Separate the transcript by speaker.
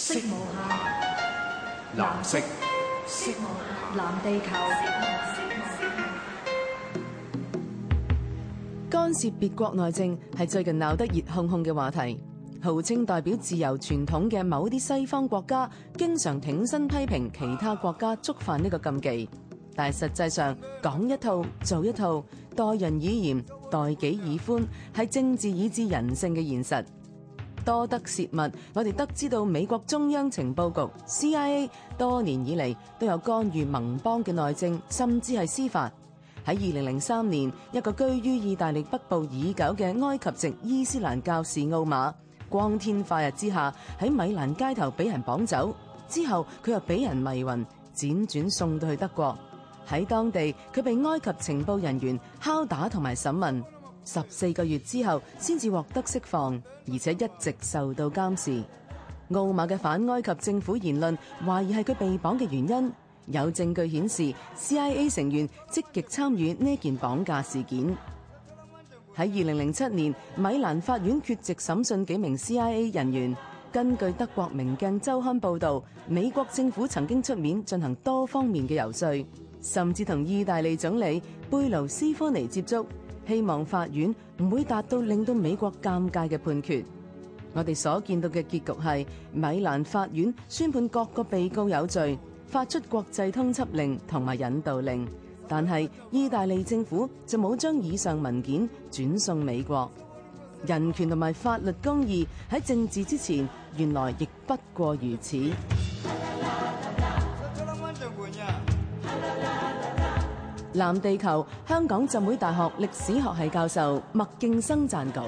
Speaker 1: 色藍色，藍地球。干涉別國內政係最近鬧得熱烘烘嘅話題。號稱代表自由傳統嘅某啲西方國家，經常挺身批評其他國家觸犯呢個禁忌，但係實際上講一套做一套，待人以嚴待己以寬，係政治以至人性嘅現實。多得洩密，我哋得知到美國中央情報局 CIA 多年以嚟都有干預盟邦嘅內政，甚至係司法。喺二零零三年，一個居於意大利北部已久嘅埃及籍伊斯蘭教士奧馬，光天化日之下喺米蘭街頭俾人綁走，之後佢又俾人迷暈，輾轉送到去德國。喺當地，佢被埃及情報人員敲打同埋審問。十四個月之後，先至獲得釋放，而且一直受到監視。奧馬嘅反埃及政府言論，懷疑係佢被綁嘅原因。有證據顯示，CIA 成員積極參與呢件綁架事件。喺二零零七年，米蘭法院缺席審訊幾名 CIA 人員。根據德國明鏡周刊報道，美國政府曾經出面進行多方面嘅游說，甚至同意大利總理貝盧斯科尼接觸。希望法院唔會達到令到美國尷尬嘅判決。我哋所見到嘅結局係米蘭法院宣判各個被告有罪，發出國際通緝令同埋引渡令，但係意大利政府就冇將以上文件轉送美國。人權同埋法律公義喺政治之前，原來亦不過如此。藍地球，香港浸會大學歷史學系教授麥勁生撰稿。